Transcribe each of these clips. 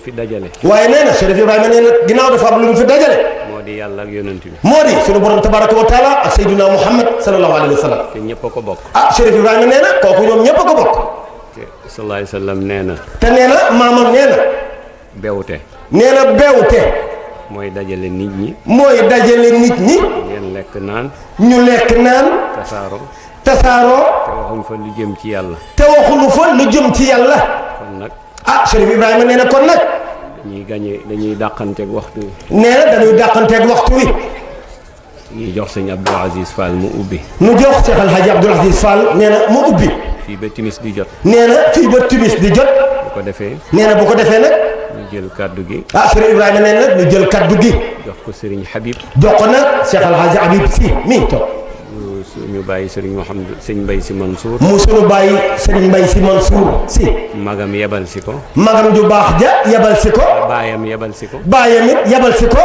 ñu fi dajale. waaye nee na Chérif Ibrahima nee na ginnaaw dafa am lu ñu fi dajale. moo di yàlla ak yonent moo di sunu borom tabaraka wa ak Seydina Muhammad sallallahu alayhi wa sallam. te ñëpp a ko bokk. ah Chérif Ibrahima nee na kooku ñoom ñëpp a ko bokk. te sallallahu alayhi te nee na maamam nee na. nit ñi. mooy dajale nit ñi. ngeen lekk naan. ñu lekk te waxuñu fa lu jëm ci yàlla. te waxuñu fa lu jëm ci yàlla. ah Chérif Ibrahima nee na kon nag. dañuy gañe dañuy dàqanteeg waxtu wi. nee na dañuy dàqanteeg waxtu wi. ñu jox sëñ Abdou Aziz Fall mu ubbi. mu jox Cheikh El Hadj Abdou nee na mu ubbi. fii ba timis di jot. nee na fii ba timis di jot. bu ko defee. nee na bu ko defee nag. ñu jël kaddu gi. ah Chérif Ibrahima nee na ñu jël kaddu gi. jox ko Serigne Habib. jox ko nag Cheikh El Hadj si mi toog. suñu bàyyi sëriñ Mouhamadou sëñ Mbay si Mansour. mu suñu bàyyi sëriñ Mbay si Mansour si. magam yebal si ko. magam ju baax ja yebal si ko. baayam yebal si ko. baayam it yebal ko.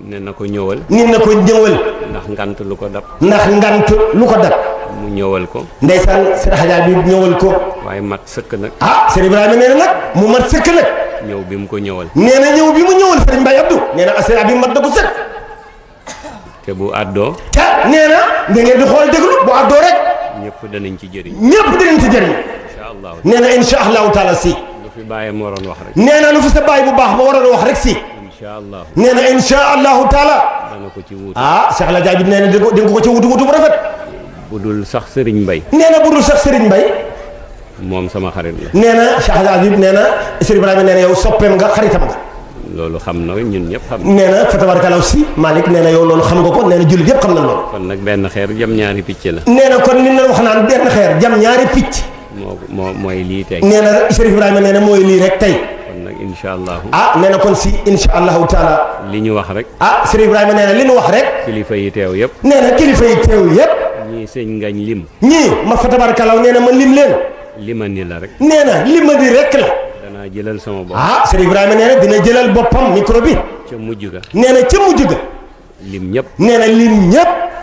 ne na ko ñëwal. ni na ko ñëwal. ndax ngant lu ko dab. ndax ngant lu ko dab. mu ñëwal ko. ndeysaan sëriñ xajaar bi ñëwal ko. waaye mat sëkk nag. ah sëriñ Ibrahima nee na nag mu mat sëkk nag. ñëw bi mu ko ñëwal. nee na bi mu ñëwal sëriñ Mbay Abdou. nee na bi mat na sëkk. te bu àddoo. te nee na da ngeen di xool déglu bu àddoo rek. ñëpp danañ ci jëriñ. ñëpp danañ ci jëriñ. incha allah nee na incha allahu si. lu fi bàyyi mu waroon wax rek. nee na lu fi sa bàyyi bu baax ma waroon wax rek si. incha allah nee na incha allahu taala. dana ko ci wuutu ah Cheikh El Hadj ko ci wuutu wuutu bu rafet. budul sax Serigne mbay nee na budul sax Serigne Mbaye. moom sama xarit la. nee na Cheikh El Hadj Abib nee na Serigne Ibrahima nee na yow soppeem nga xaritam nga. loolu xam na ñun ñëpp xam nee na fa tabarakalla aussi Malick nee na yow loolu xam nga ko nee na jullit yëpp xam na loolu kon nag benn xeer jam ñaari picc la nee na kon li na wax naan benn xeer jam ñaari picc moo moo mooy lii tey nee na Chérif Ibrahima nee na mooy lii rek tey kon nag incha allahu ah nee na kon si incha allahu li ñu wax rek ah Chérif Ibrahima nee li ñu wax rek kilifa yi teew yëpp nee na kilifa yi teew yëpp ñii sëñ ngañ lim ñii ma fa tabarakalla ma lim leen lima ni na lima dinaa jëlal sama bopp. ah Serigne Ibrahima nee na dina jëlal boppam na ca mujj lim ñëpp. nee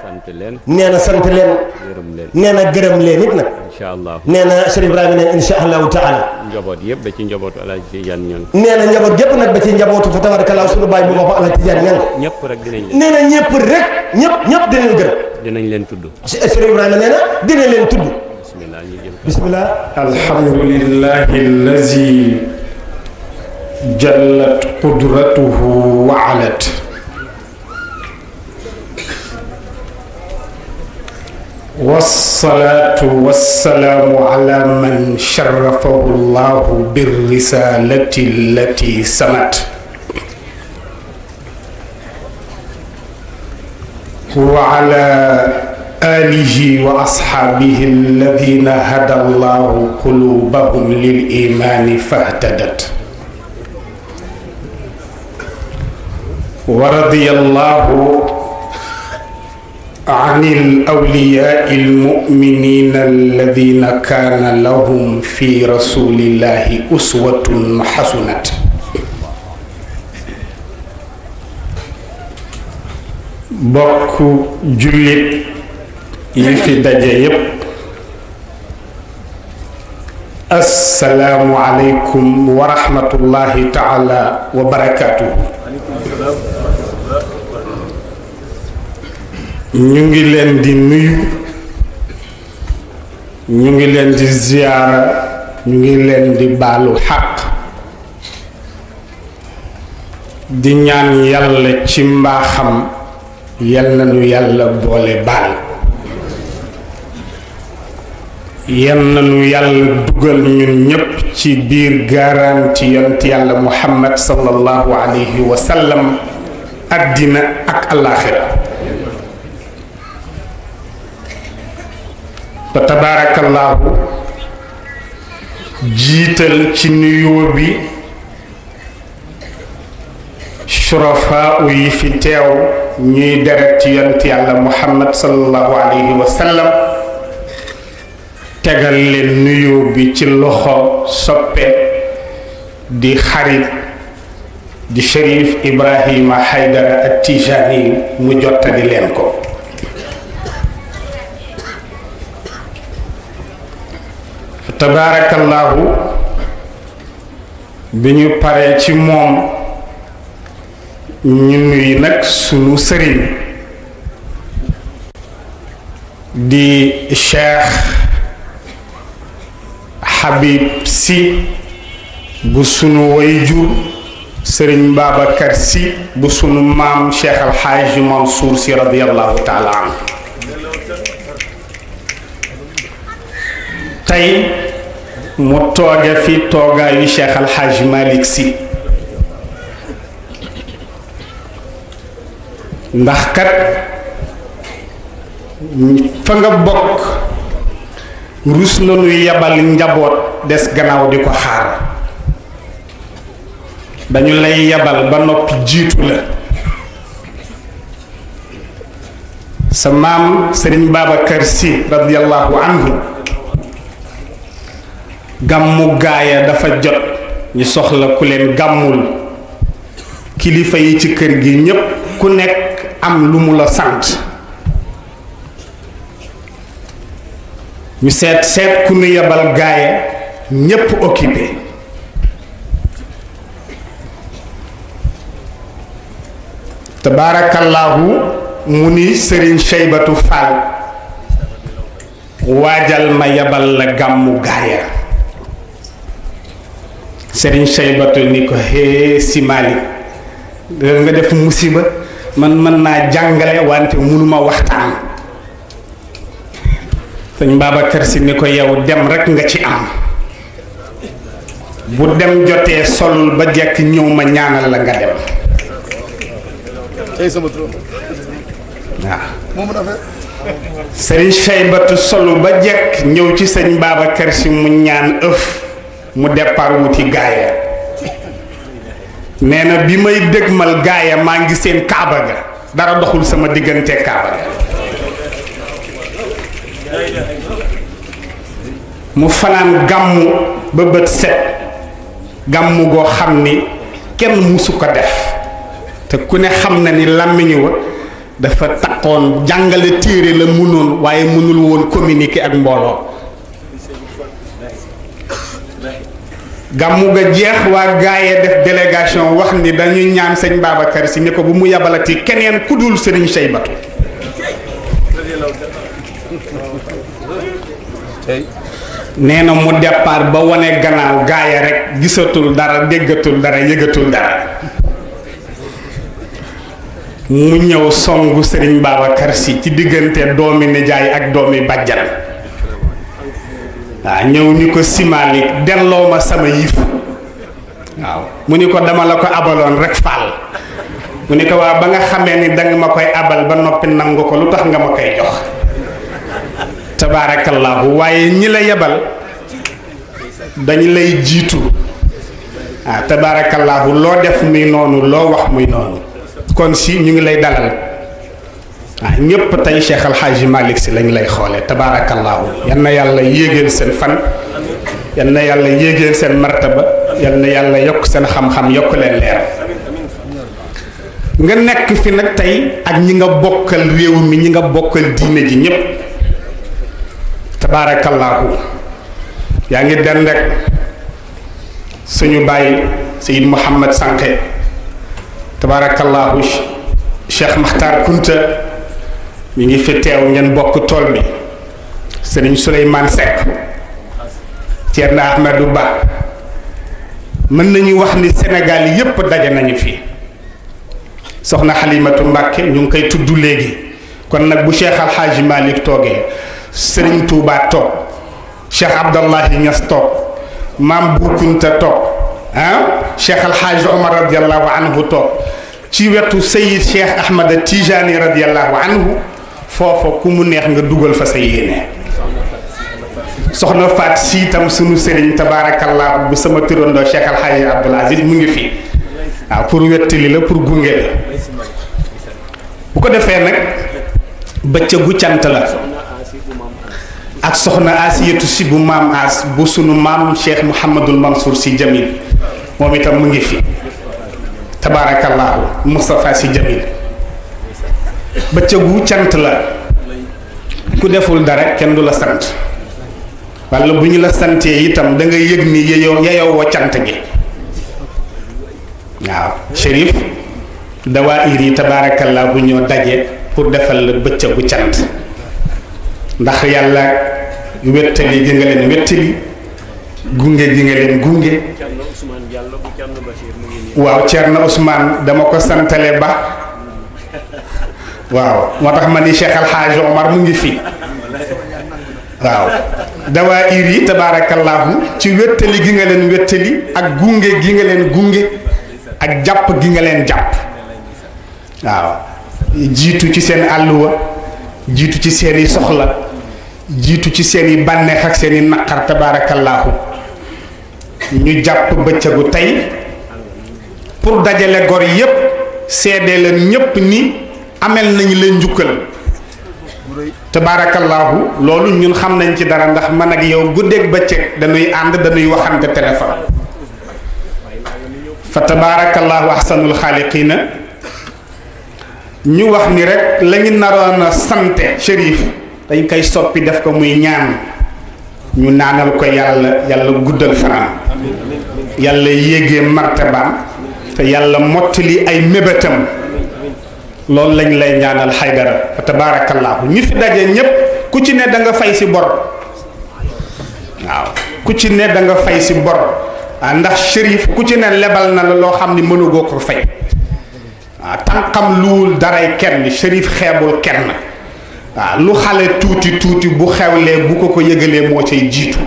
sant leen. nee na sant leen. gërëm leen. nee na gërëm leen it nag. incha allah na Serigne Ibrahima nee na incha allahu taala. njaboot yëpp ba ci njabootu El Hadj Tidiane ñan. nee na njaboot yëpp ci njabootu fa tabarakallaa sunu baay bu boppam El Hadj rek dinañ leen. dina leen tudd. bismillah alhamdulillahi allazi jallat qudratuhu wa alat wasalaatu wasalaamu ala man sharafahu llahu birrisalati allati samat wa ala آله وأصحابه الذين هدى الله قلوبهم للإيمان فاهتدت ورضي الله عن الأولياء المؤمنين الذين كان لهم في رسول الله أسوة حسنة بك جلد yi fi daje yépp assalaamu aleykum wa rahmatullahi taala wa barakaatuhu ñu ngi leen di nuyu ñu ngi leen di ziyaara ñu ngi leen di baalu xaq di ñaan yàlla ci mbaaxam yal na nu yàlla boole baal yan ñu yàlla dugal ñun ñépp ci biir gaaraan ci yont yàlla muhammad sallallahu alayhi wa sallam addina ak alaxira fa tabaarakallaahu jiital ci nuyoo bi surafaa yi fi teew ñuy deret ci yont yàlla muhammad sallallahu alayhi wa tegal leen nuyoo bi ci loxo soppe di xarit di Cherif Ibrahima Haydara at-Tijani mu jottali leen ko tabaarakallaahu bi ñu paree ci moom ñu nuyu nag sunu sëriñ di cheikh Habib si bu sunu wayjur sëriñ Babacar si bu sunu maam Cheikh Al Hadj si radiyallahu taala anhu tey mu tooge fi toogaayu Cheikh Al Hadj si ndax kat fa nga bokk. rus nañu yebal njaboot des gannaaw di ko xaar dañu lay yebal ba noppi jiitu la sa maam sëriñ Babacar Sy radiyallahu anhu gàmmu gaaya dafa jot ñu soxla ku leen gàmmul kilifa yi ci kër gi ñépp ku nekk am lu mu la sant ñu seet seet ku nu yebal gaaye ñépp occupé tabaarakallaahu mu ni sëriñ Seybatu Fall waajal ma yebal la gàmmu gaaya sëriñ sëybatu ni ko hee si Malick nga def musiba man mën naa jàngale wante mënuma waxtaan sëñ Babacar Si ni ko yow dem rek nga ci am bu dem jotee solul ba jekk ñëw ma ñaanal la nga dem waaw sëriñ Saybatu solu ba jekk ñëw ci sëñ Babacar Si mu ñaan ëf mu départ wuti gaaya nee na bi may dëgmal gaaya maa ngi seen kaaba ga dara doxul sama diggante kaaba ga mu fanaan gàmmu ba bët set gàmmu goo xam ni kenn musu ko def te ku ne xam na ni làmmiñu wa dafa takkoon jàngale téere la mënoon waaye mënul woon communiquer ak mbooloo gàmmu ga jeex waa gaayee def délégation wax ni dañuy ñaan sëñ Babacar si ni ko bu mu yabalati keneen ku dul sëriñ Seybatu nee na mu départ ba wane gannaaw gaaya rek gisatul dara déggatul dara yëgatul dara mu ñëw songu Serigne Babacar si ci diggante doomi nijaay ak doomi bàjjan waaw ñëw ni ko simaalik delloo ma sama yif waaw mu ni ko dama la ko abaloon rek faal mu ni ko waaw ba nga xamee ni danga ma koy abal ba noppi nangu ko lu tax nga ma koy jox tabaarakallaahu waaye ñi la yebal dañu lay jiitu ah tabaarakallaahu loo def muy noonu loo wax muy noonu kon si ñu ngi lay dalal ah ñépp tey Cheikh Al Hadji si lañ lay xoole tabaarakallaahu yal na yàlla yéegeel seen fan yal na yàlla yéegeel seen martaba yal na yàlla yokk seen xam-xam yokk leen leer nga nekk fi nag tey ak ñi nga bokkal réew mi ñi nga bokkal diine ji ñépp tabaarakallaahu yaa ngi den rek suñu bàyyi Seyyid Mouhamed Sanke tabaarakallaahu Cheikh Makhtar Kunta mi ngi fi teew ngeen bokk tool bi sëriñ Souleymane Seck Thierno Ahmadou Ba mën nañu wax ni Sénégal yépp daje nañu fi soxna Xalimatu Mbàkke ñu ngi koy tudd léegi kon nag bu Cheikh Alxaaji Malick toogee sëriñ Touba toog Cheikh Abdallahi Niass toog maam Bu Kunta toog ah Cheikh Alxaaji Omar radiallahu anhu toog ci wetu Seyid Cheikh Ahmad Tijani radiallahu anhu foofa ku mu neex nga dugal fa sa yéene soxna faat siitam sunu sëriñ tabaarakallahu bu sama turandoo Cheikh Alxaaji Abdul Aziz mu ngi fi waaw pour wettali la pour gunge la bu ko defee nag bëccëgu cant la ak soxna asiyatu si bu maam as bu sunu maam cheikh mouhamadul mansour si jamil moom itam mu ngi fi tabaarakallaahu moustapha si jamil bëccëgu cant la ku deful dara kenn du la sant walla bu ñu la santee itam dangay nga yëg ni yeyo yeyow wa cant gi waaw shérif dawaa ir yi bu ñoo daje pour defal la bëccëgu cant ndax yàlla wettali gi nga leen wettali gunge gi nga leen gunge waaw Thierno Ousmane dama ko santale ba waaw moo tax ma ni Cheikh Alxaaji Omar mu ngi fi waaw dawaa ir yi tabaarakallaahu ci wettali gi nga leen wettali ak gunge gi nga leen gunge ak jàpp gi nga leen jàpp waaw jiitu ci seen àlluwa jiitu ci seeni soxla jiitu ci seen i bànneex ak seeni i naqar tabaarakallaahu ñu jàpp bëccëgu tey pour dajale gor yépp seede leen ñépp ni amel nañu leen njukkal tabaarakallaahu loolu ñun xam nañ ci dara ndax man ak yow guddeeg bëccëg dañuy ànd dañuy waxante téléphone fa tabaarakallaahu ahsanul xaaliqiina ñu wax ni rek lañu naroon a sante Chérif dañ koy soppi def ko muy ñaan ñu naanal ko yàlla yàlla guddal fanaan yàlla yéegee martabaam te yàlla li ay mébétam loolu lañ lay ñaanal xaydara fa tabaarakallaahu ñu fi daje ñépp ku ci ne da fay si bor waaw ku ci ne danga fay si bor ah, ndax shérif ku ci ne lebal na la loo xam ni mënugoo ko fay waaw ah, tànqam luwul daray kenn shérif xeebul kenn waaw lu xale tuuti tuuti bu xewlee bu ko ko yëgalee moo cay jiitu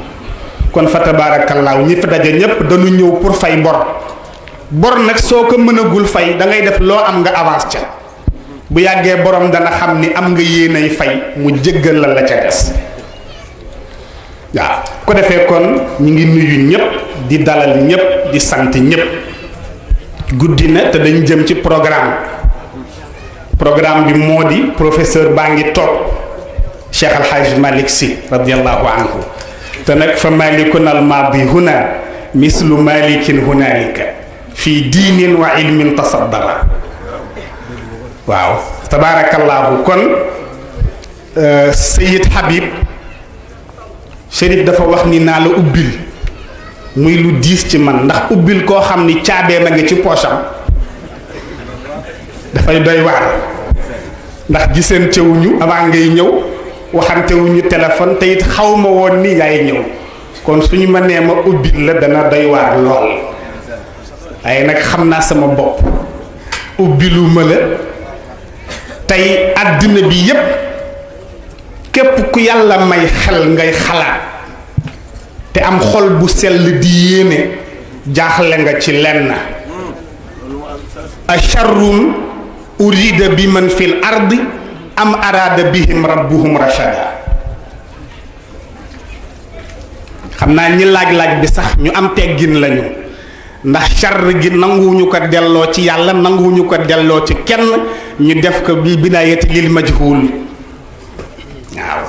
kon fa tabaarakallaahu ñi fi daje ñépp dañu ñëw pour fay bor bor nag soo ko mënagul fay dangay def loo am nga avance ca bu yàggee borom dana xam ni am nga yéenay fay mu jéggal la la ca des waaw ko defee kon ñu ngi nuyu ñépp di dalal ñépp di sant ñépp guddi na te dañ jëm ci programme programme bi moo di professeur baa ngi toog Cheikh Al Hadj Malick Sy anhu te nag fa malikun al maadi huna mislu malikin hunalika fii diinin wa ilmin tasaddara waaw tabaarakallaahu kon euh, Seyid Habib Chérif dafa wax ni naa la ubbil muy lu diis ci man ndax ubbil koo xam ni caabee na ngi ci poosam dafay doy waar ndax gisante wuñu avant ngay ñëw waxantewuñu wuñu téléphone te xaw ma woon ni yaay ñëw kon suñu ma nee ma ubbi la dana doy waar lool waaye nag xam naa sama bopp ubbilu ma la tey àddina bi yépp képp ku yàlla may xel ngay xalaat te am xol bu sell di yéene jaaxle nga ci lenn acharrun urida bi man fil ardi am araada bihim rabbuhum rachada xam naa ñi laaj-laaj bi sax ñu am teggin lañu ndax charr gi nanguwuñu ko delloo ci yàlla nanguwuñu ko delloo ci kenn ñu def ko bi binaayati lil majhul waaw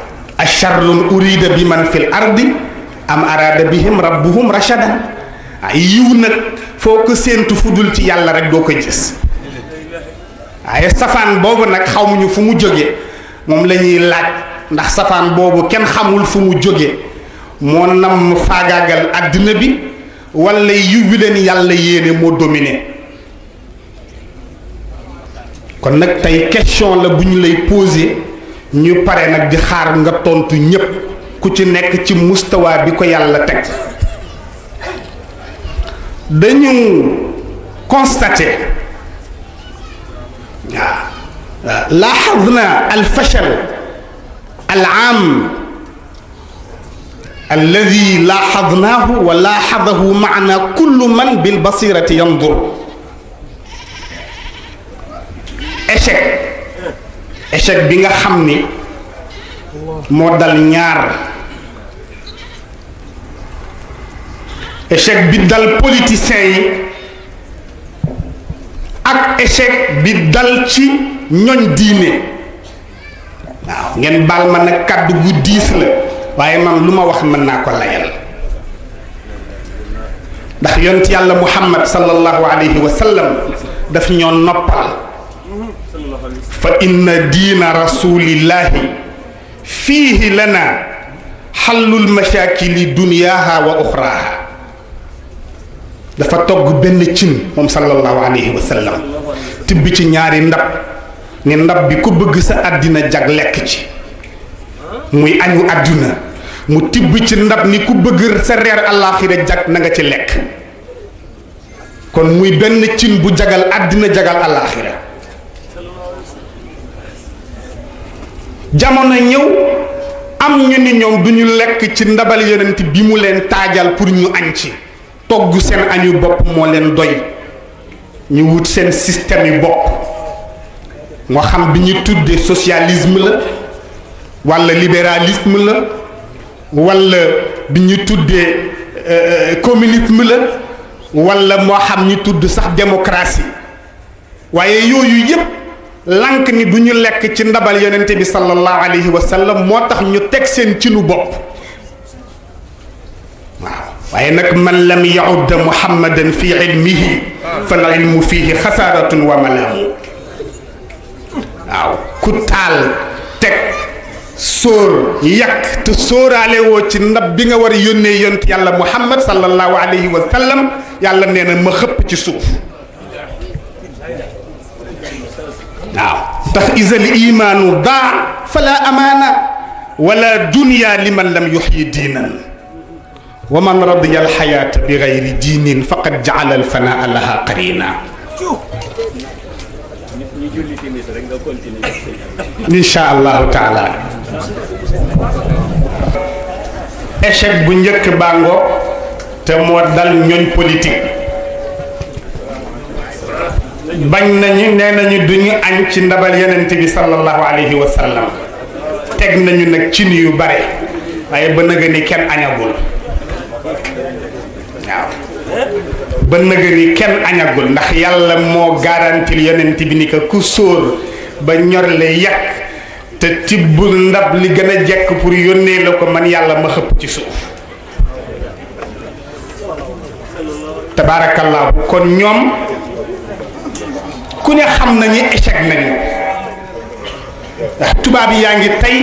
acharrun urida bi man fil ardi am araada bihim rabbuhum rachada yiw nag foo ko séentu fudul ci yàlla rek doo ko gis waaye safaan boobu nag xamuñu fu mu jóge moom lañuy laaj ndax safaan boobu kenn xamul fu mu jóge moo nam faagaagal àddina bi wala yiw wi leen yàlla yéene moo dominé kon nag tey question la bu ñu lay posé ñu pare nag di xaar nga tontu ñépp ku ci nekk ci mustawaa bi ko yàlla teg dañu constaté waaw laaxadna alfachal alaam alladi laaxadnaahu wa laaxadahu maana kullu man bilbasirati yandur échec échec bi nga xam ni moo dal ñaar échec bi dal politiciens yi ak échec bi dal ci ñoñ diine waaw ngeen baal ma nag kàddu gu diis la waaye man lu ma wax mën naa ko layal ndax yont yàlla muhammad sallallahu alayhi wa sallam daf ñoo noppal fa inna diina rasulillahi fiihi lana xallul mashaakili duniyaaha wa uxraaha dafa togg benn cin moom sallallahu alayhi wa sallam tibb ci ñaari ndab ni ndab bi ku bëgg sa àddina jag lekk ci muy añu àdduna mu tibb ci ndab ni ku bëgg sa reer àllaaxira jag na nga ci lekk kon muy benn cin bu jagal àddina jagal àllaaxira jamono ñëw am ñu ni ñoom duñu lekk ci ndabal yonent bi mu leen taajal pour ñu añ ci togg seen añu bopp moo leen doy ñu wut seen système yu bopp moo xam bi ñuy tuddee socialisme la walla libéralisme la walla bi ñuy tuddee euh, communisme la walla moo xam ñu tudd sax démocratie waaye yooyu yépp lank ni bu ñu lekk ci ndabal yonente bi sallallahu alayhi wa moo tax ñu teg seen cinu bopp waaye nag man lam yaud muhammadan fi ilmihi fal ilmu fihi xasaaratun wa malaamu waaw ku taal teg sóor yàq te sóoraale woo ci ndab bi nga war a yónnee yont yàlla muhammad sallallahu alayhi wa sallam yàlla nee na ma xëpp ci suuf waaw tax isal imaanu daa fala amaana wala dunya liman lam yuxyi diinan wa man radiya alxayaata bi gayri diinin faqad jaala alfanaa laha qarina incha allahu taala échec bu njëkk bàngo te moo dal ñooñ politique bañ nañu nee nañu duñu añ ci ndabal yonent bi sallallahu alayhi wa teg nañu nag cin yu bare waaye ba nëga ni kenn añagul waaw ba nëga kenn añagul ndax yàlla moo garantil yonent bi ni ko ku sóor ba ñorle la yàq te tibbul ndab li gën a jekk pour yónnee la ko man yàlla ma xëpp ci suuf tabaarakallaahu kon ñoom ku ne xam nañu échec nañu tubaab yaa ngi tey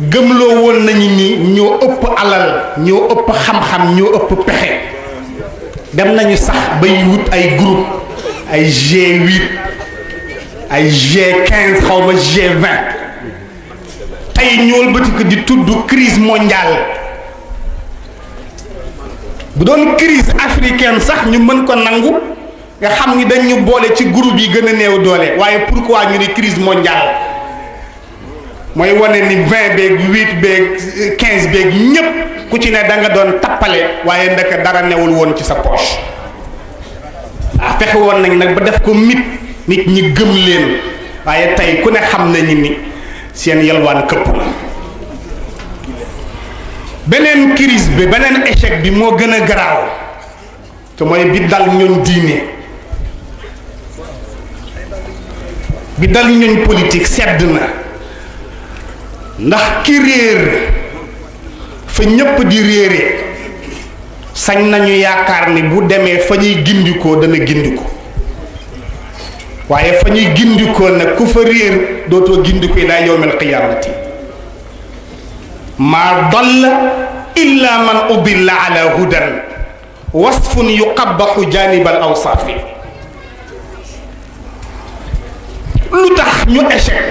gëmloo woon nañu ni ñoo ëpp alal ñoo ëpp xam-xam ñoo ëpp pexe dem nañu sax bay wut ay groupe ay G8 ay G15 xaw ma G20 tey ñool bëtik di tudd crise mondiale bu doon crise africaine sax ñu mën ko nangu nga xam ni dañu boole ci groupe yi gën a néew doole waaye pourquoi ñu ni crise mondiale mooy wane ni vingt beeg huit beeg quinze beeg ñépp ku ci ne danga doon tappale waaye ndaka dara newul woon ci sa poche ah fexe woon nañ nag ba def ko mit nit ñi gëm leen waaye tey ku ne xam nañu ni seen yalwaan këpp na beneen crise bi beneen échec bi moo gën a garaaw te mooy bi dal ñooñ diine bi dal ñooñ politique sedd na ndax ki réer fa ñépp di réeree sañ nañu yaakaar ni bu demee fa ñuy gindikoo dana gindiko waaye fa ñuy gindikoo nag ku fa réer dootoo gindiko ilaa yowmal qiyaamati maa dalla illa man udilla ala hudan wasfun yuqabaxu janibal awsaafi lu tax ñu échec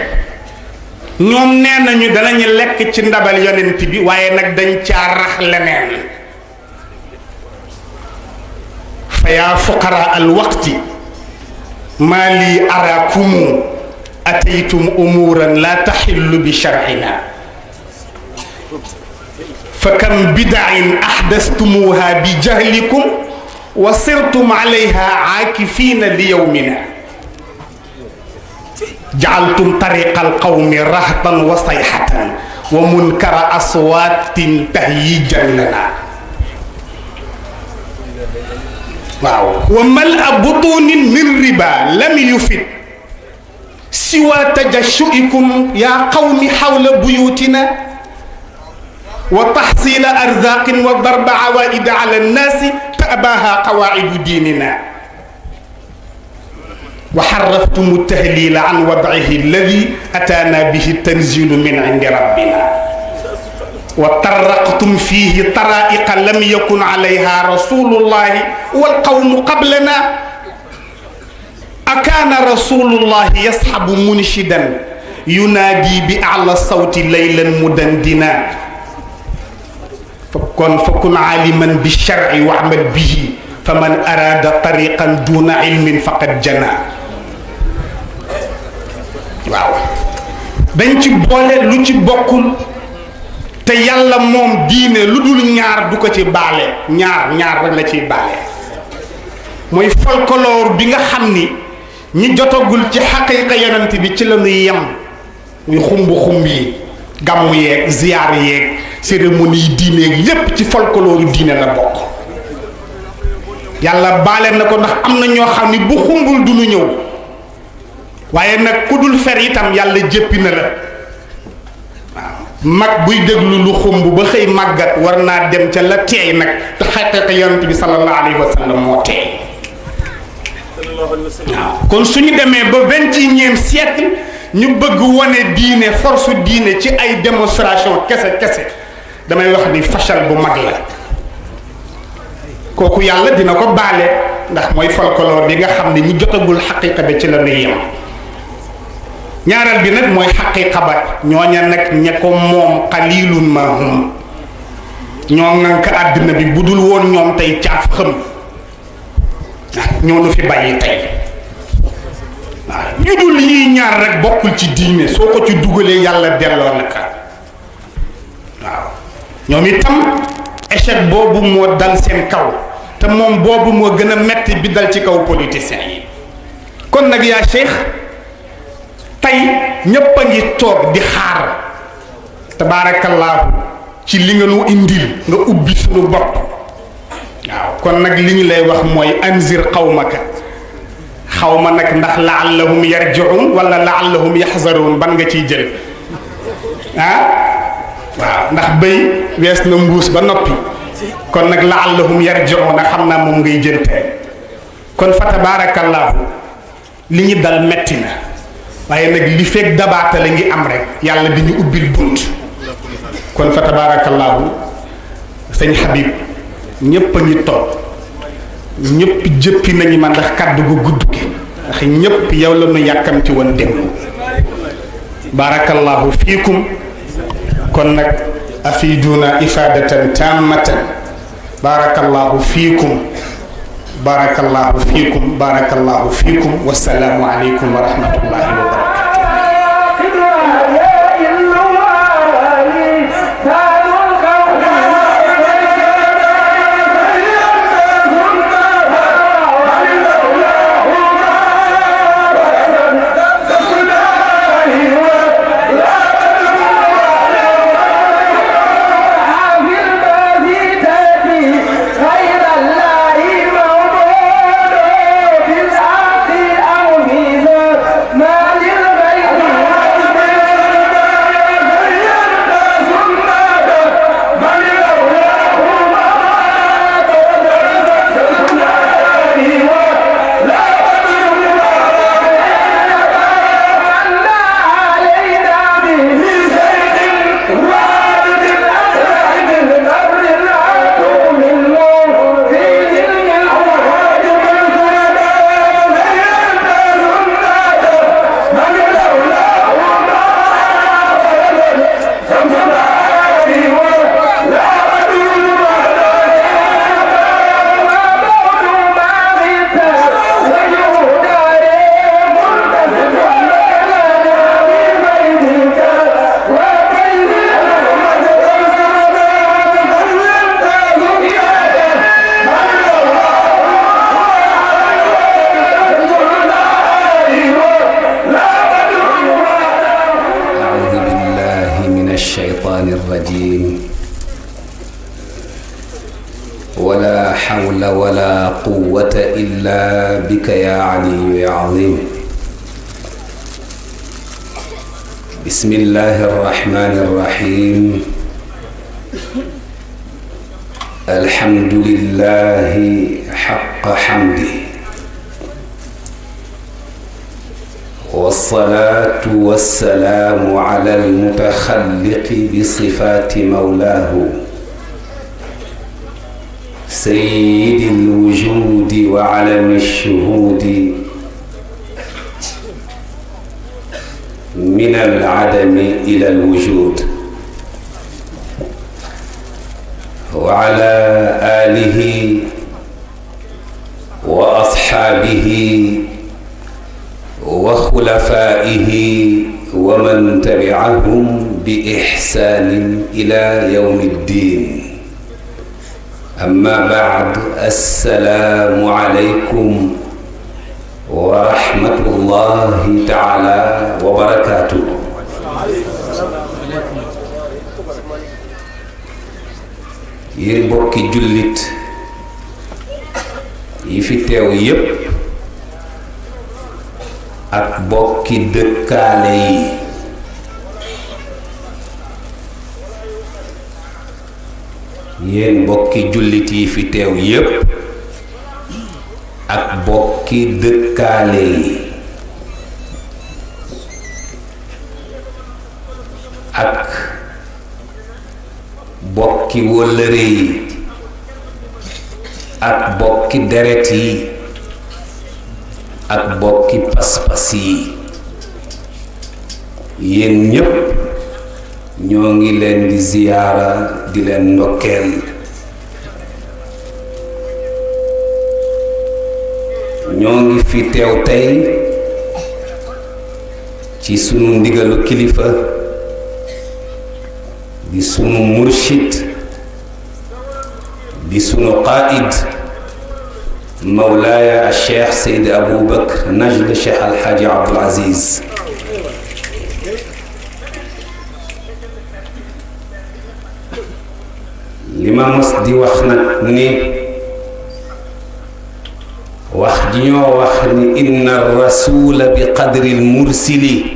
ñoom nee nañu danañu lekk ci ndabal yonent bi waaye nag dañ caa rax leneen fa yaa fuqara al waqti maa lii araakumu ataytum umuuran laa taxillu bi sharcina fa kam bidain axdastumuha bi jahlikum wa sirtum alayha aakifina li yowmina jaaltum tariqal qawmi rahtan wa sayhatan wa munkara aswatin tahyijan lana waaw wa mal'a butunin min riba lam yufid siwa tajashu'ikum ya qawmi hawla buyutina wa tahsila arzaqin wa darba awaida ala nnasi taabaha qawaidu dinina wa xarraftumu tahlila an wadaihi alladi ataana bihi tanzilu min indi rabbina wa tarraqtum fihi taraiqa lam yakun alayha rasulullahi walqawmu qablana akaana rasulullahi yasxabu munshidan yunaadi bi ala sawti laylan mudandina kon fakun aaliman bi sharci waxmal bihi faman araada tariqan duna ilmin faqad jana waaw dañ ci boole lu ci bokkul te yàlla moom diine lu dul ñaar du ko ci baale ñaar ñaar rek la ci baale mooy folklore bi nga xam ni ñi jotagul ci xaqiiqa yonent bi ci la ñuy yem muy xumb xumb yi gàmmu yeeg ziyaar yeeg cérémonie yi diineeg yépp ci folklore diine na bokk yàlla baale na ko ndax am na ñoo xam ni bu xumbul du ñëw waaye nag ku dul fer itam yàlla jéppi na la waaw mag buy déglu lu xumb ba xëy màggat war naa dem ca la teey nag te xaqiqa yonent bi sallallahu alayhi wa sallam moo teey waaw kon suñu demee ba vingt et unième siècle ñu bëgg wone diine force diine ci ay démonstration kese kese damay wax ni fachal bu mag la kooku yàlla dina ko baale ndax mooy folklore bi nga xam ne ñu jotagul xaqiqa bi ci la yem ñaareel bi nag mooy xaqiqa ba ñooña nag ña ko moom xaliilun hum ñoo ngànk àddina bi bu dul woon ñoom tey caaf xëm ah, ñoo nu fi bàyyi tey waaw ah, ñu dul yii ñaar rek bokkul ci diine soo ko ci dugalee yàlla delloo naka waaw ñoom itam échec boobu moo dal seen kaw te moom boobu moo gën a metti bi dal ci kaw politiciens yi kon nag yaa Cheikh tey ñépp a ngi toog di xaar tabaarakallaahu ci li nga nu indil nga ubbi sunu bopp waaw kon nag li ñu lay wax mooy anzir qawmaka xaw ma nag ndax laallahum yarjiun wala laallahum yaxzaruun ban nga ciy jël ah ndax béy wees na mbuus ba noppi kon nag laallahum yarjiun a xam naa moom ngay jël tey kon fa tabaarakallaahu li ñu dal metti na waaye nag li fekk dabaatale ngi am rek yàlla di ñu ubbil bunt kon fa tabaarakallaahu sëñ Habib ñépp a ngi toog ñépp jëppi nañu ma ndax kàddu gu gudd gi ndax ñépp yow la ñu yàkkamti woon déglu baarakallaahu fiikum kon nag afiduuna ifaadatan taamatan baarakallaahu fiikum baarakallaahu fiikum baarakallaahu fiikum wassalaamu aleykum wa الله الرحمن الرحيم الحمد لله حق حمده والصلاة والسلام على المتخلق بصفات مولاه سيد الوجود وعلم الشهود إلى الوجود وعلى آله وأصحابه وخلفائه ومن تبعهم بإحسان إلى يوم الدين أما بعد السلام عليكم ورحمة الله تعالى وبركاته yéen mbokki jullit yi fi teew yépp ak mbokki dëkkaale yi yéen mbokki jullit yi fi teew yépp ak mbokki dëkkaale yi bokki wëllëre yi ak bokki deret yi ak bokki pas yi yéen ñépp ñoo ngi leen di ziyaara di leen ndokkeel ñoo ngi fi teew tey ci sunu ndigalu kilifa di sunu murshid di sunu qaa'id mawlaaya cheikh Seyd Abou Bakr najd cheikh Alxaaji Abdul Aziz li ma mos di wax nag ni wax ji ñoo wax ni inna rasula bi qadri al mursili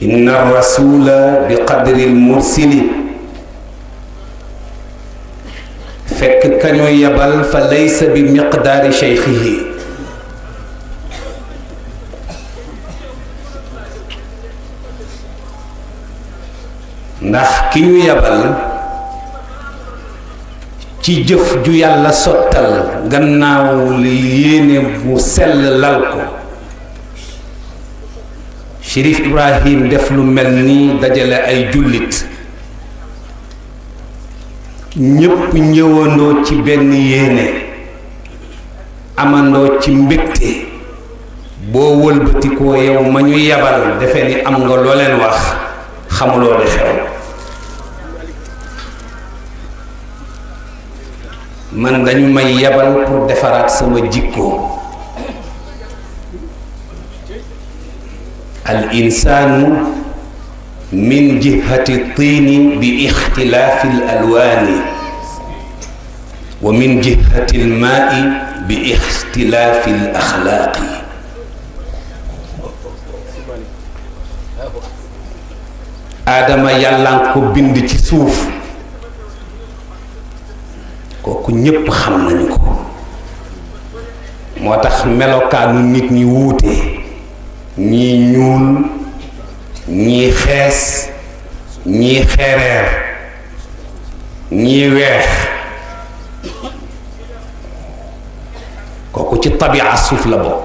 al rasula bi qadril mursili fekk kañu yebal fa laysa bi miqdaari cheikhihi ndax ki ñu yebal ci jëf ju yàlla sottal gannaaw li yéene bu sell lal ko Chérif Ibrahim def lu mel nii dajale ay jullit ñépp ñëwandoo ci benn yéene amandoo ci mbégte boo wëlbatikoo yow ma ñu yabal defe ni am nga looleen wax xamuloo de xew man dañu may yabal pour defaraat sama jikkoo al insaanu min jihati tiini bi ixtilaafi alwaani wa min jihati al bi ixtilaafi al axlaaqi aadama ko bind ci suuf kooku ñépp xam nañu ko moo tax melokaanu nit ñi wuute ñii ñuul ñii xees ñii xereer ñii weex kooku ci tabia suuf la bokk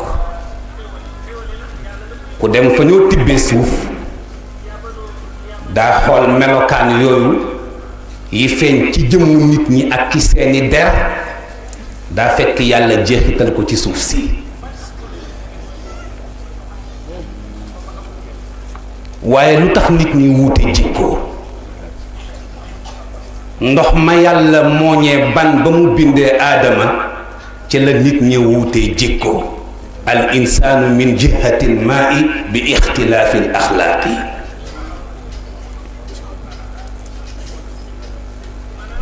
ku dem fa ñoo tibbee suuf daa xool melokaan yooyu yi feeñ ci jëmmu nit ñi ak ci seeni der daa fekk yàlla jeexital ko ci suuf si waaye lu tax nit ñi wuute jikko ndox ma yàlla mooñee ban ba mu bindee aadama ci la nit ñi wuute jikko al insaanu min jihati l bi ixtilaafi l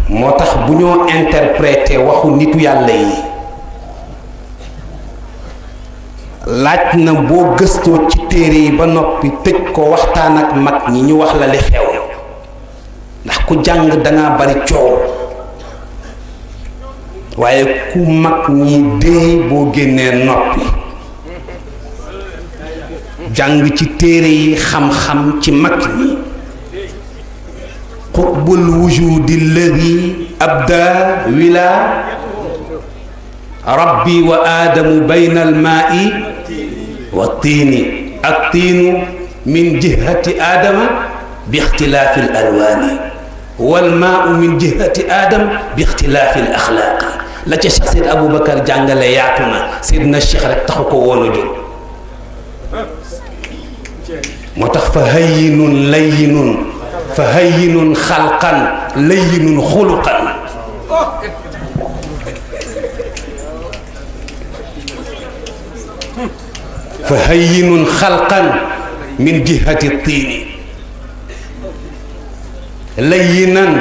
moo tax bu ñoo interprete waxu nitu yàlla yi laaj na boo gëstoo ci téere yi ba noppi teg ko waxtaan ak mag ñi ñu wax la xew ndax ku jàng danga bari coow waaye ku mag ñi déey boo génnee noppi jàng ci téere yi xam-xam ci mag ñi qutbul wujudi alladi abda wila rabbi wa aadamu bayna almaai wa tiini ak tiinu min jihati aadama bi ixtilaafi l alwaani wal maau min jihati aadam bi ixtilaafi l axlaaqi la ca Cheikh Seyd Aboubacar jàngale yaatu na Seydina Cheikh rek taxu ko woon a jóg moo tax fa hayyinun layyinun fa hayyinun xalqan layyinun xuluqan fa hayyinun xalqan min jihati tiini layyinan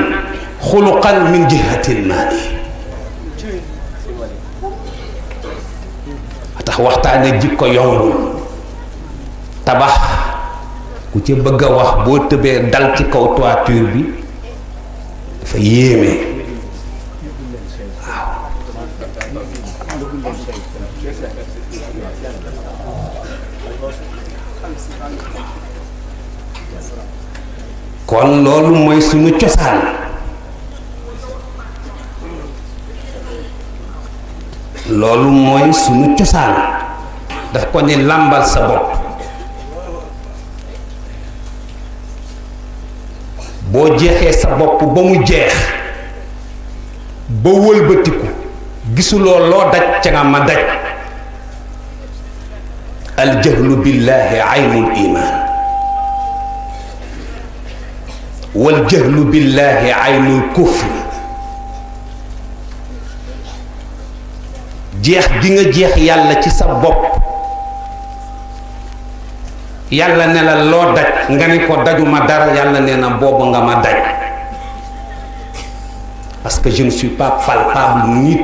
xuluqan min jihati maani tax waxtaane jikko yombul tabax ku ci bëgg a wax boo tëbee dal ci kaw toiture bi dafa yéeme waaw kon loolu mooy suñu cosaan loolu mooy suñu cosaan daf ko ni làmbal sa bopp boo jeexee sa bopp ba mu jeex ba wëlbatiku gisuloo loo daj ca nga ma daj aljahlu billahi aynul iman waljahlu billahi aynul kufri jeex gi nga jeex yàlla ci sa bopp yàlla ne la loo daj nga ne ko dajuma dara yàlla ne na booba nga ma daj parce que je ne suis pas palpable ni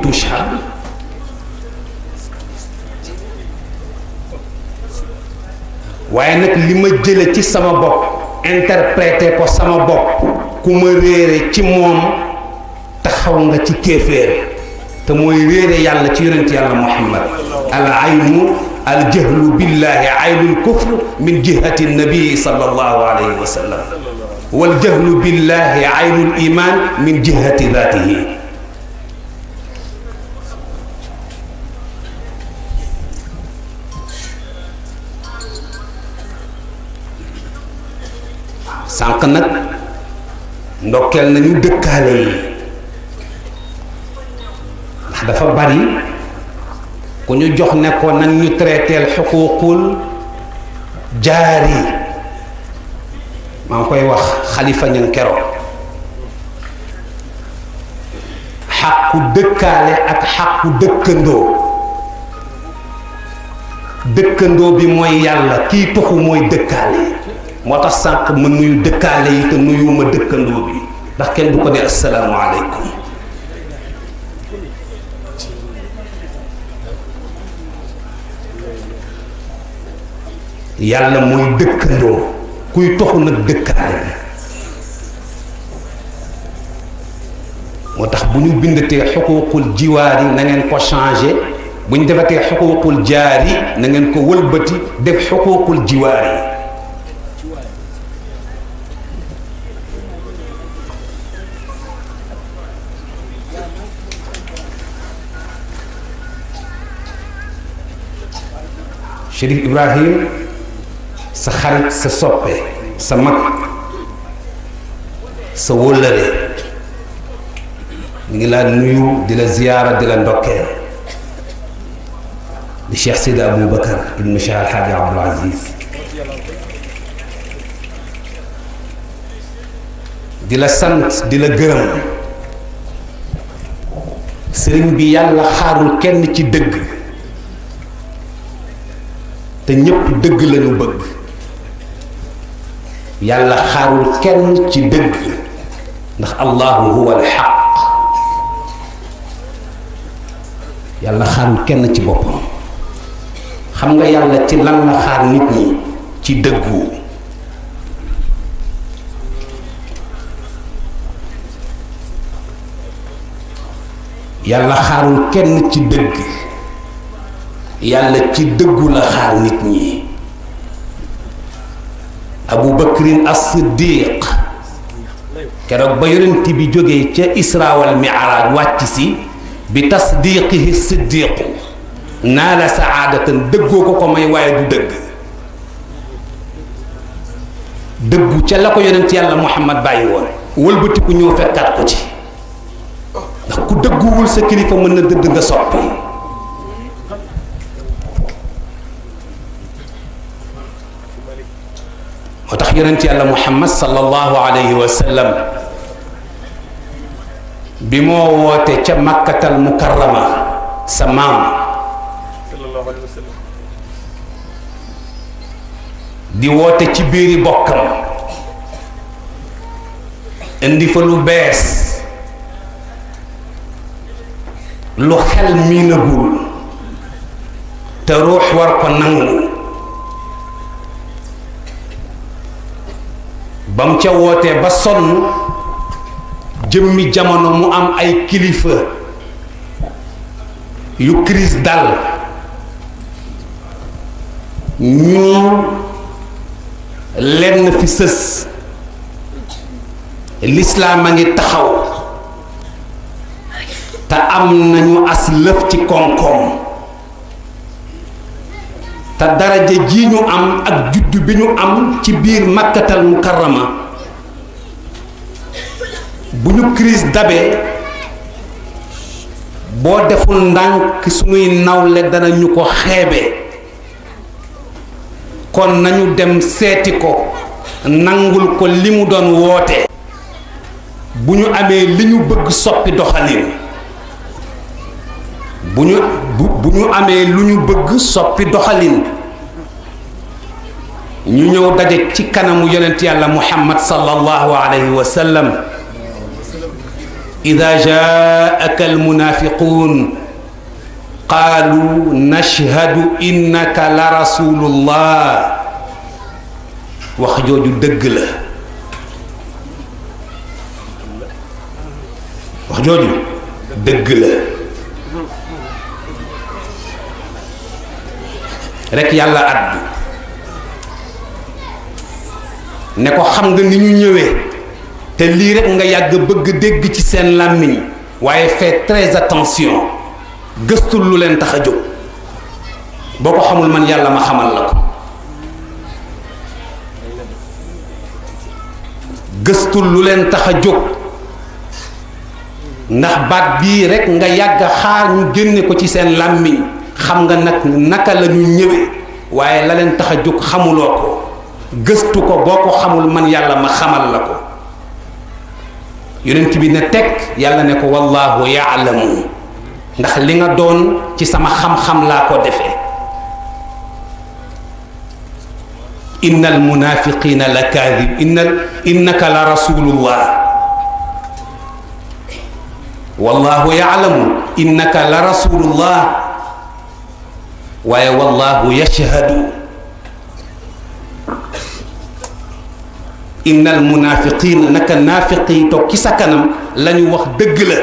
waaye nag li ma jële ci sama bopp interprété ko sama bopp ku ma réere ci moom taxaw nga ci kéeféer te mooy réere yàlla ci yonent yàlla muhammad al aynu al jahlu billahi aynul kufr min jihati nabii sallallahu alayhi wa sallam wal jahlu billahi aynul iman min jihati datihi sànq nag ndokkeel nañu dëkkaale yi ndax dafa bari ku ñu jox nekkoon nañu nag ñu traiteel xuquuqul jaar yi maa koy wax xalifa ñan kero xàqu dëkkaale ak xaqu dëkkandoo dëkkandoo bi mooy yàlla kiy toxu mooy dëkkaale moo tax sànq ma nuyu dëkkaale yi te nuyuma dëkkandoo bi ndax kenn du ko ne asalaamaaleykum yàlla mooy dëkkandoo kuy toxu nag dëkkaale bi moo tax bu ñu bindatee xuquuqul jiwaar yi na ko changé bu ñu defatee xuquuqul jaar yi nangeen ko wëlbati def xuquuqul jiwaar yi Chérif Ibrahim sa xarit sa soppe sa mag sa wóllëre ñu ngi laa nuyu di la ziyaara di la ndokkeel di Cheikh Seydi Abou Bakar ibnu Cheikh Alxaaji Abdul Aziz di la sant di la gërëm sëriñ bi yàlla xaarul kenn ci dëgg te ñépp dëgg lañu bëgg yàlla xaarul kenn ci dëgg ndax allahu huwa alxaq yàlla xaarul kenn ci boppam xam nga yàlla ci lan la xaar nit ñi ci dëggu yàlla xaarul kenn ci dëgg yàlla ci dëggu la xaar nit ñi abu bakrin as siddiq keroog ba yonent bi jógee ca isra wal miraaj wàcc si bi tasdiqihi siddiqu naa la saadatan dëggoo ko ko may waaye du dëgg dëggu ca la ko yonent yàlla muhammad bàyyi woon wëlbatiku ñëw fekkaat ko ci ndax ku dëgguwul sa kilifa mën na dëdd nga soppi moo tax yonent yàlla muhammad sallallahu alayhi wa sallam bi moo woote ca makkatal mukarrama sa maam di woote ci biiri bokkam indi fa lu bees lu xel miinagul te ruux war ko nangu ba mu ca wootee ba sonn jëmmi jamono mu am ay kilifa yu crise dal ñu lenn fi sës lislaam a ngi taxaw te am nañu as lëf ci koom-koom te daraja ji ñu am ak juddu bi ñu am ci biir makkatal mukarrama bu ñu crise dabee boo deful ndànk suñuy nawle dana ñu ko xeebe kon nañu dem seeti ko nangul ko li mu doon woote bu ñu amee li ñu bëgg soppi doxalin bu ñu bu ñu amee lu ñu bëgg soppi doxalin ñu ñëw daje ci kanamu yonent yàlla muhammad sallallahu alayhi wa sallam ida jaaka almunafiqun qaalu nashhadu innaka la rasulullah wax jooju dëgg la wax jooju dëgg la rek yàlla addu ne ko xam nga ni ñu ñëwee te lii rek nga yàgg bëgg dégg ci seen làmmiñ waaye fais très attention gëstul lu leen tax a jóg boo ko xamul man yàlla ma xamal la ko gëstul lu leen tax a jóg ndax baat bii rekk nga yàgg xaar ñu génne ko ci seen làmmiñ xam nga nag naka la ñu ñëwee waaye la leen tax a jóg xamuloo ko gëstu ko boo ko xamul man yàlla ma xamal la ko yonent bi ne teg yàlla ne ko wallaahu yaalamu ndax li nga doon ci sama xam-xam laa ko defe innal munafiqina la kaadib innal innaka la rasulullah wallaahu yaalamu la rasulullah waaye wallahu yashhadu innal munaafiqiina naka naafiq yi toog ci sa kanam la ñu wax dëgg la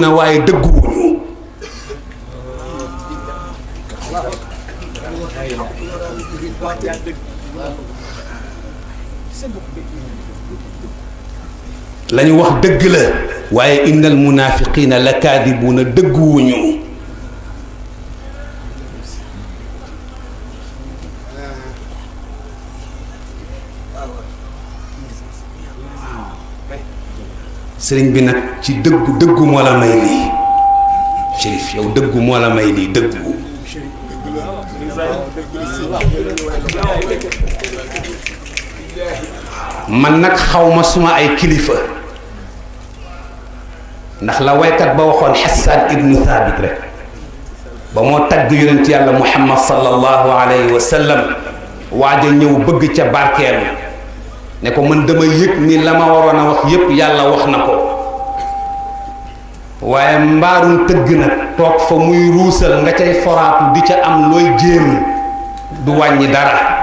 la waaye dëgguwuñu la ñu wax dëgg la waaye innal munaafiqiina la kaadibuuna dëgguwuñu sëriñ bi nag ci dëggu dëggu moo la may lii Chérif yow dëggu moo la may nag xawma suma ay kilifa ndax la waykat ba waxoon xasaan ibnu thabit rek ba moo tagg yonent yàlla muhammad sallallahu alayhi wa waaja ñëw bëgg ca barkeelu ne ko man dama yëg ni la ma waroon a wax yépp yàlla wax na ko waaye mbaarum tëgg nag toog fa muy ruusal nga cay foraatu di ca am looy jéem du wàññi dara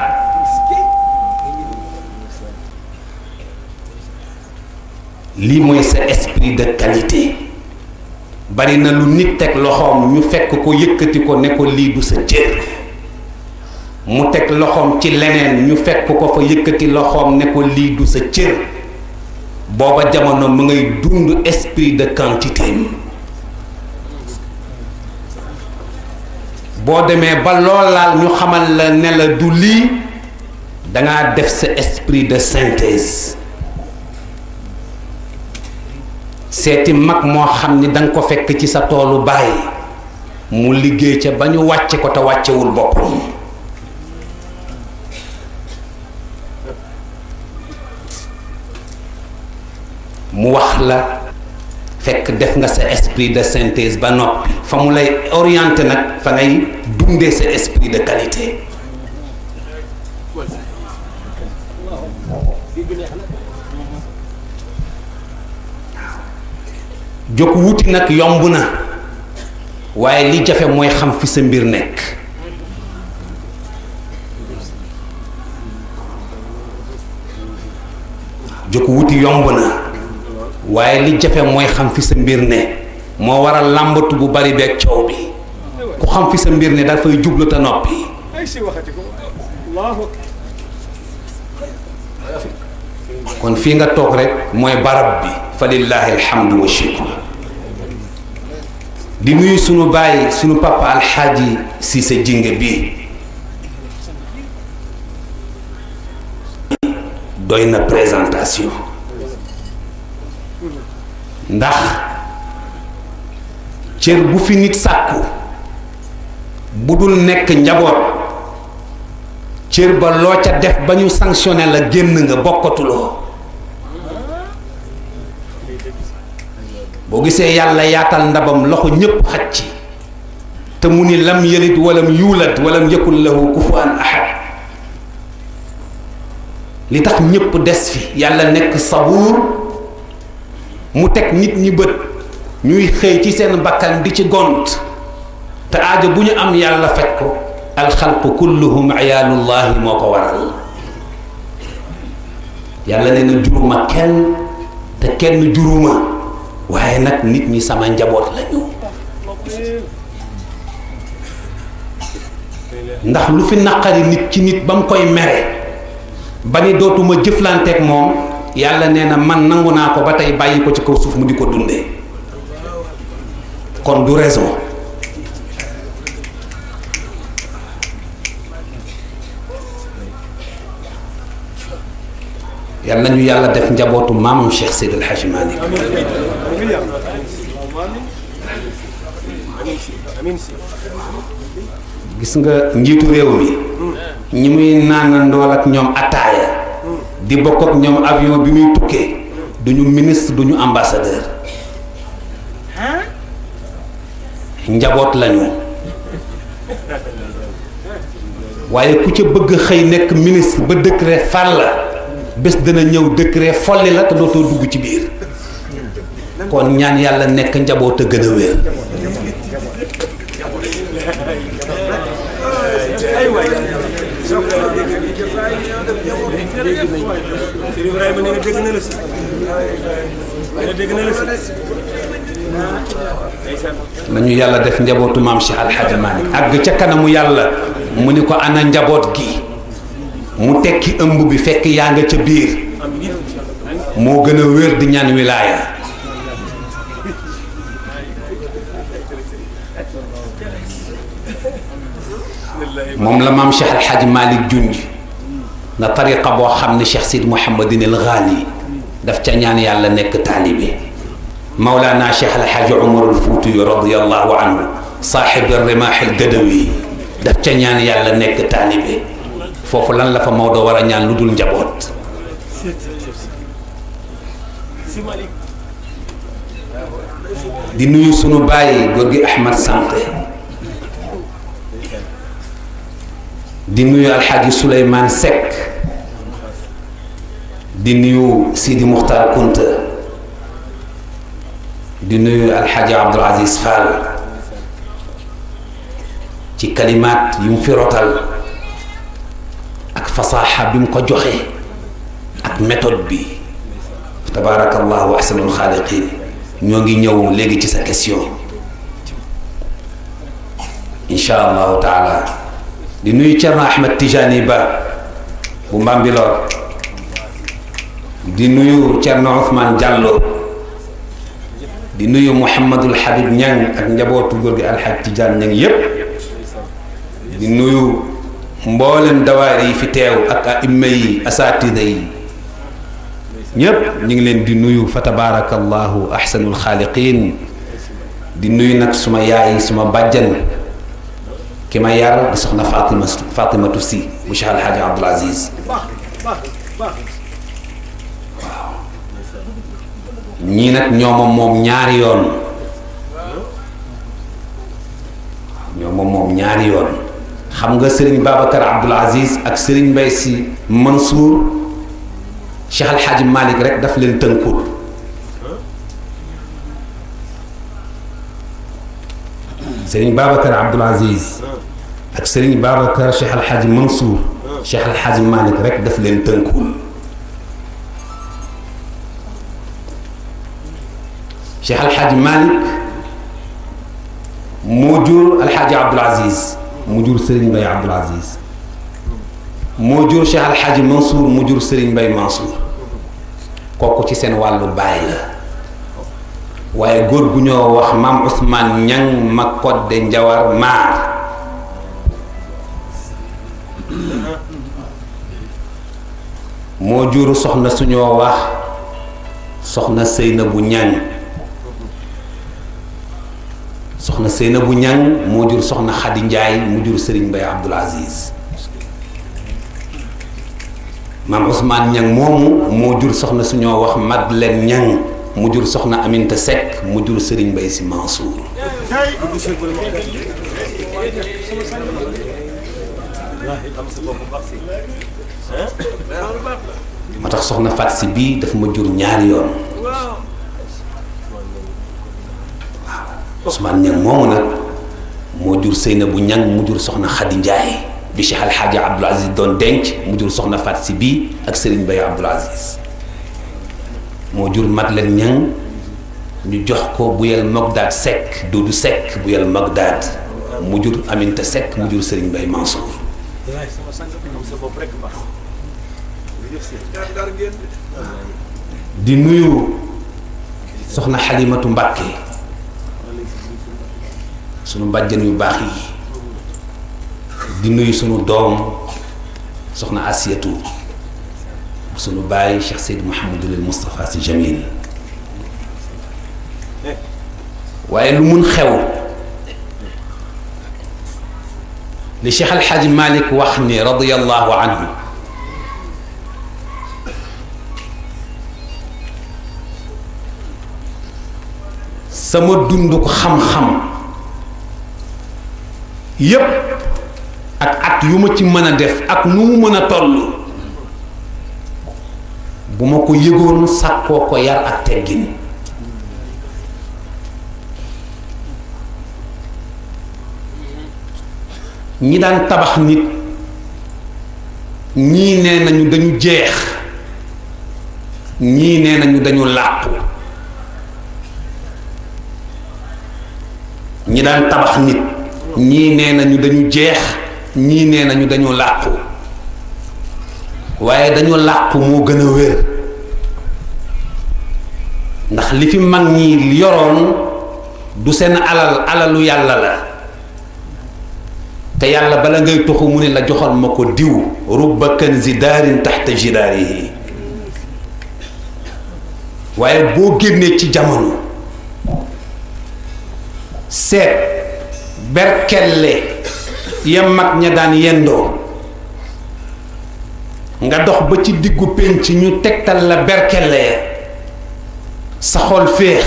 lii mooy sa esprit de qualité bari na lu nit teg loxoom ñu fekk ko yëkkati ko ne ko lii du sa cër mu teg loxoom ci leneen ñu fekk ko fa yëkkati loxoom ne ko lii du sa cër booba jamono mu ngay dund esprit de quantité boo demee ba loolaal ñu xamal la ne la du lii dangaa def sa esprit de synthèse seeti mag moo xam ni danga ko fekk ci sa toolu bàyyi mu liggéey ca ba ñu wàcce ko te wàccewul boppam mu wax la fekk def nga sa esprit de synthèse ba noppi fa mu lay orienté nag fa ngay dundee sa esprit de qualité jóg wuti nag yomb na waaye li jafe mooy xam fi sa mbir nekk jóg wuti yomb na waaye li jafe mooy xam fi sa mbir ne moo waral làmbatu bu bari beeg coow bi ku xam fi sa mbir ne dafay jublu te noppi kon fii nga toog rek mooy barab bi fa lillahi alhamdu wa di nuyu sunu bàyyi sunu papa alxaaji si sa jinge bi doy na présentation ndax cër bu fi nit sàkku bu dul nekk njaboot cër ba loo ca def ba ñu sanctionné la génn nga bokkatuloo boo gisee yàlla yaatal ndabam loxo ñépp xaj ci te mu ni lam yalid walam yuulat walam yakun lahu kufuwan ahad li tax ñépp des fi yàlla nekk sabuur mu teg nit ñi bët ñuy xëy ci seen bakkan di ci gont te aajo bu ñu am yàlla faj ko alxalqu kulluhum ayaalullahi moo ko waral yàlla nee na juruma kenn te kenn juruma waaye nag nit ñi sama njaboot lañu ndax lu fi naqari nit ci nit ba mu koy mere ba ni dootuma jëflanteek moom yàlla nee na man nangu naa ko ba tey bàyyi ko ci kaw suuf mu di ko dundee kon du raison yàlla nañu yàlla def njabootu maamam Cheikh Seydi El Hadji gis nga njiitu réew mi ñi muy naanandool ak ñoom ataaya di bokk ak ñoom avion bi muy tukkee duñu ministre duñu ambassadeur njaboot lañu waaye ku ca bëgg xëy nekk ministre ba décret fal la bés dana ñëw décret folli la te dootoo dugg ci biir kon ñaan yàlla nekk njaboot a gën a wér nañu na dégg yàlla def njabootu maam Cheikh Al Hadj Malick ca kanamu yàlla mu ni ko ana njaboot gi mu tekki ëmb bi fekk yaa nga ca biir moo gën a wér di ñaan wilaaya moom la maam Cheikh Al Hadj junj na tariqa boo xam ni Cheikh Sidi Mouhamadin El Ghali daf ca ñaan yàlla nekk taalibe Mawlana Cheikh El Hadj Omar El Fouti saaxib rimaax al daf ca ñaan yàlla nekk taalibe foofu lan la fa Maodo war a ñaan lu dul njaboot. di nuyu sunu bàyyi góor gi Ahmad Sànqe di nuyu alxaaji Souleymane Seck di nuyu Sidi Muxtaar Kunta di nuyu Alxaaji Abdul Aziz ci kalimaat yu mu fi rotal ak fasaaxa bi mu ko joxe ak méthode bi tabaarakallahu ahsanul xaaliqiin ñoo ngi ñëw léegi ci sa question incha allahu taala di nuyu Cerno Ahmed Tijani Ba bu Mbambilor di nuyu Thierno Ousmane Diallo di nuyu Mouhamadul Habib Niang ak njabootu góor gi Alxaaj Tijaan Niang yépp di nuyu mboolem dawaar yi fi teew ak imme yi asaatida yi ñépp ñu ngi leen di nuyu fa tabarakallahu ahsanul xaaliqin di nuyu nag suma yaay suma bàjjan ki ma yar di soxna Fatima si mu Cheikh Alxaaji Abdul Aziz ñii nag ñooma moom ñaari yoon ñooma moom ñaari yoon xam nga sëriñ Babacar Abdoul Aziz ak sëriñ Mbaye Sy Mansour Cheikh Al Hadj Malick rek daf leen tënkul sëriñ Babacar Abdoul Aziz ak sëriñ Babacar Cheikh Al Hadj Mansour Cheikh Al Hadj Malick rek daf leen tënkul Cheikh Alxaaji Malick moo jur Alxaaji Abdul Aziz mu jur Serigne Mbaye moo jur Cheikh Alxaaji Mansour mu jur Serigne Mbaye Mansour kooku ci seen wàllu baay la waaye góor gu ñoo wax maam Ousmane Ñang ma kodde Njawar Maar moo juru soxna suñoo wax soxna sëyna bu Ñang soxna Seyna bu ñang moo jur soxna Xadi Njaay mu jur Serigne Mbaye Abdoul Aziz maam Ousmane ñang moomu moo jur soxna suñoo wax leen ñang mu jur soxna Aminta Seck mu jur Serigne Mbaye Sy Mansour moo tax soxna Faat Si bii daf ma jur ñaari yoon Ousmane Niang moomu nag moo jur Seynabou Niang mu jur soxna Khady Ndiaye bi Cheikh Al Hadj Abdoul Aziz doon denc mu jur soxna Fatou si bii ak Serigne Baye Abdoul Aziz moo jur Madeleine Niang ñu jox ko Bouyel Mogdad Seck Doudou Seck Bouyel Mogdad mu jur Aminta Seck mu jur Serigne bay Mansour di nuyu soxna Xalimatu Mbàkke sunu mbàjjan yu baax yi di nuyu sunu doom soxna Asiyatu sunu bàyyi Cheikh Seyd Mouhamadul Moustapha Sy Jamil waaye lu mun xew li Cheikh Al Hadj Malick wax ni radiyallahu anhu sama dund ko xam-xam. yépp ak at yu ma ci mën a def ak nu mu mën a toll bu ma ko yëgoon sàkkoo ko yar ak teggin ñi daan tabax nit ñii nee nañu dañu jeex ñii nee nañu dañu làqu ñi daan tabax nit ñii nee nañu dañu jeex ñii nee nañu dañu làqu waaye dañu làqu moo gën a wér ndax li fi mag ñi yoroon du seen alal alalu yàlla la te yàlla bala ngay toxu mu ne la joxoon ma ko diw rubba kanzi daarin taxta yi waaye boo génnee ci jamono seet berkelle ya mag ña daan yendoo nga dox ba ci diggu pénc ñu tegtal la berkelle ya sa xol féex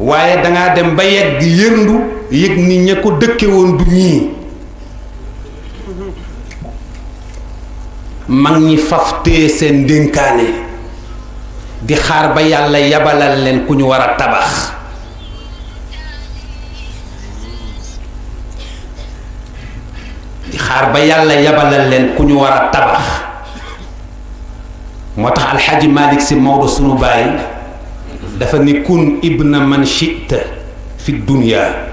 waaye danga dem ba yegg yërndu yëg ni ña ko dëkke woon du ñii mag ñi faf téye seen dénkaane di xaar ba yàlla yabalal leen ku ñu war a tabax xaar ba yàlla yabalal leen ku ñu war a tabax moo tax alxaaji malik si Maodo sunu bàyyi dafa ni kun ibna man chita fi dunya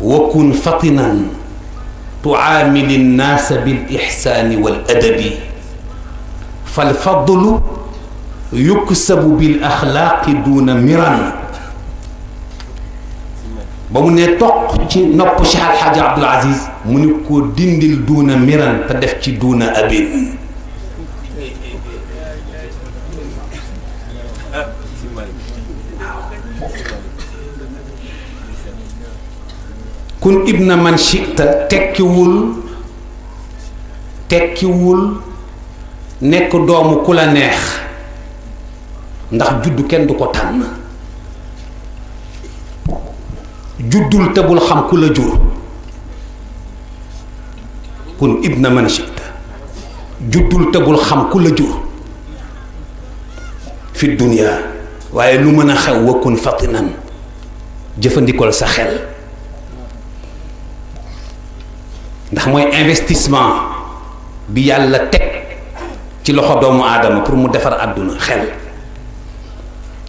wa kun fatinan tuaamili nnaasa bil ixsaani wal adabi fal fadlu yuksabu bil axlaaqi duuna miran ba mu ne toq ci nopp Cheikh Al Hadj Aziz mu ni ko dindil duuna miran te def ci duuna abin kun ibna man tekkiwul tekkiwul nekk doomu ku la neex ndax juddu kenn du ko tànn juddul te xam kula la jur kun ibna man shita juddul te xam kula la jur fi dunya waaye lu mën a xew wa kun fatinan jëfandikool sa xel ndax mooy investissement bi yàlla teg ci loxo doomu aadama pour mu defar àdduna xel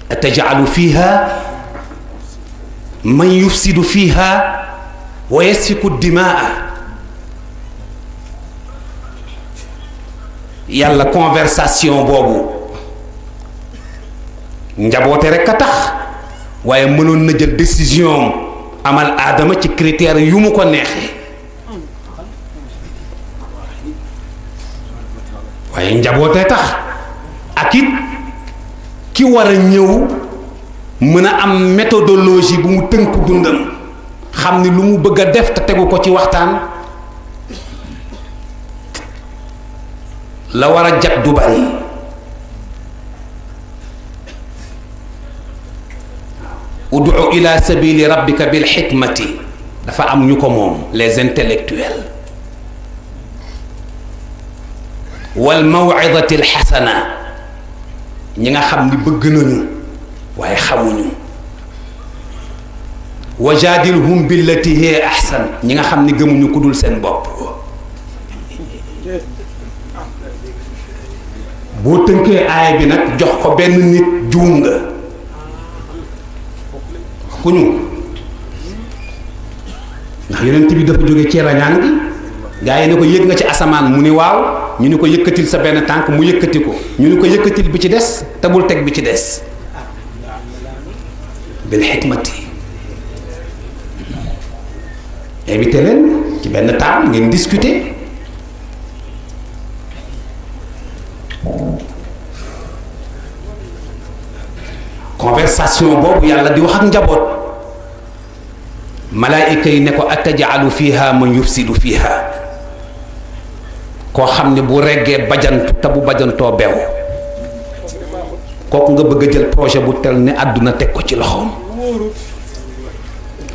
atajaalu fiha yu sidu fiha wa yasfiku dimaa yàlla conversation boobu njaboote rekk a tax waaye mënoo na jël décision amal aadama ci critère yu mu ko neexee waaye njabootee tax akit ki war a ñëw mën a am metodologie bu mu tënk dundam xam ni lu mu bëgg a def te tegu ko ci waxtaan la war a jag du bari udu ila sabili rabbika bil xikmati dafa am ñu ko moom les intellectuels wal mawidati al ñi nga xam ni bëgg nañu waaye xamuñu wajaadilhum billati hiya ahsan ñi nga xam ni gëmuñu ku dul seen bopp boo tënkee aay bi nag jox ko benn nit juum nga ku ñu ndax yonent bi dafa jóge ci rañaan gi gaa yi ne ko yéeg nga ci asamaan mu ni waaw ñu ni ko yëkkatil sa benn tànk mu yëkkati ko ñu ni ko yëkkatil bi ci des te teg bi ci des bil xikmati invité leen ci benn taam ngeen discuter conversation boobu yàlla di wax ak njaboot malaayika yi ne ko atajaalu fiha man yufsidu fiha koo xam ne bu reggee bajantu te bu bajantoo beew kooku nga bëgg a jël projet bu tel ne àdduna teg ko ci loxoom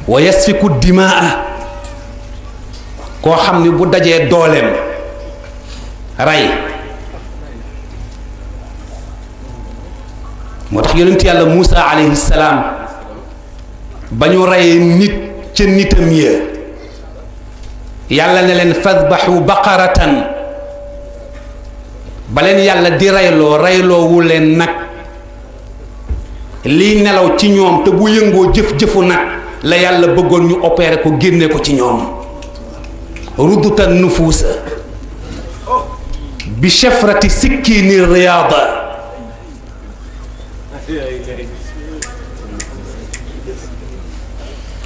wa yasfiku dimaa koo xam ni bu dajee dooleem rey moo tax yonent yàlla Muusa alayhi salaam ba ñu reyee nit ca nitam ya yàlla ne leen fadbaxu baqaratan ba leen yàlla di reyloo reyloowu leen nag lii nelaw ci ñoom te bu yëngoo jëf-jëfu nag la yàlla bëggoon ñu opeere ko génne ko ci ñoom ruddutan nufuusa bi chefrati sikkiini riyaada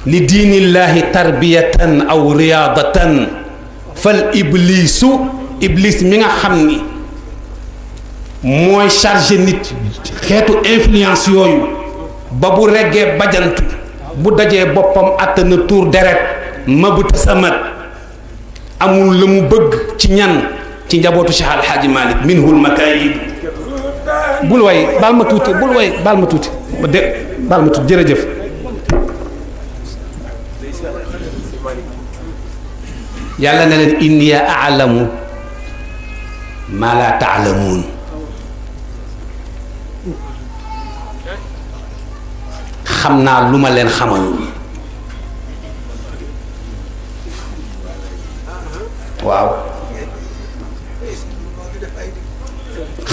li diinillaahi tarbiyatan aw riyaadatan fal ibliisu iblis mi nga xam ni mooy chargé nit xeetu influence yooyu ba bu reggee bajant bu dajee boppam àttana tuur deret mabët samat amul la mu bëgg ci ñan ci njabootu Cheikh Al Hadji Malick minhul makaayib bul way baal ma tuuti bul way baal ma tuuti de baal ma yàlla na leen inni alamu maa laa taalamuun xam naa lu ma leen xamalul waaw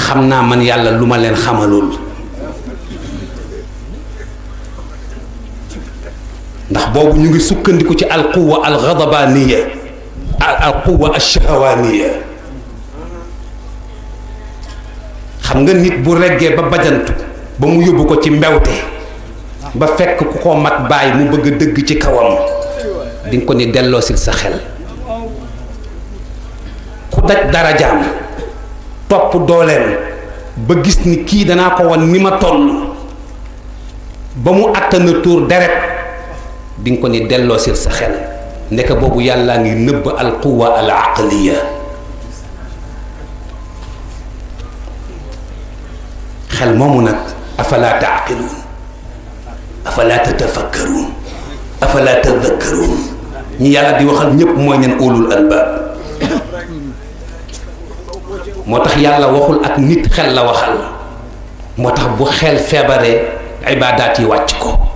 xam naa man yàlla lu ma leen xamalul ndax boobu ñu ngi sukkandiku ci alquwa algadabaniya alquwa alshahawaniya xam nga nit bu reggee ba bajantu ba mu yóbbu ko ci mbewte ba fekk ku ko mag bàyyi mu bëgg a dëgg ci kawam di nga ko ni delloosil sa xel ku daj darajaam topp dooleem ba gis ni kii danaa ko won ni ma toll ba mu àttana tuur deret di ko ni delloosil sa xel nekk boobu yàllaa ngi nëbb al quwa xel moomu nag afala taaqiluun afala tatafakkaruun afala tadakkaruun ñi yàlla di waxal ñépp mooy ñan ulul albaab moo tax yàlla waxul ak nit xel la waxal moo tax bu xel feebaree ibaadaat yi wàcc ko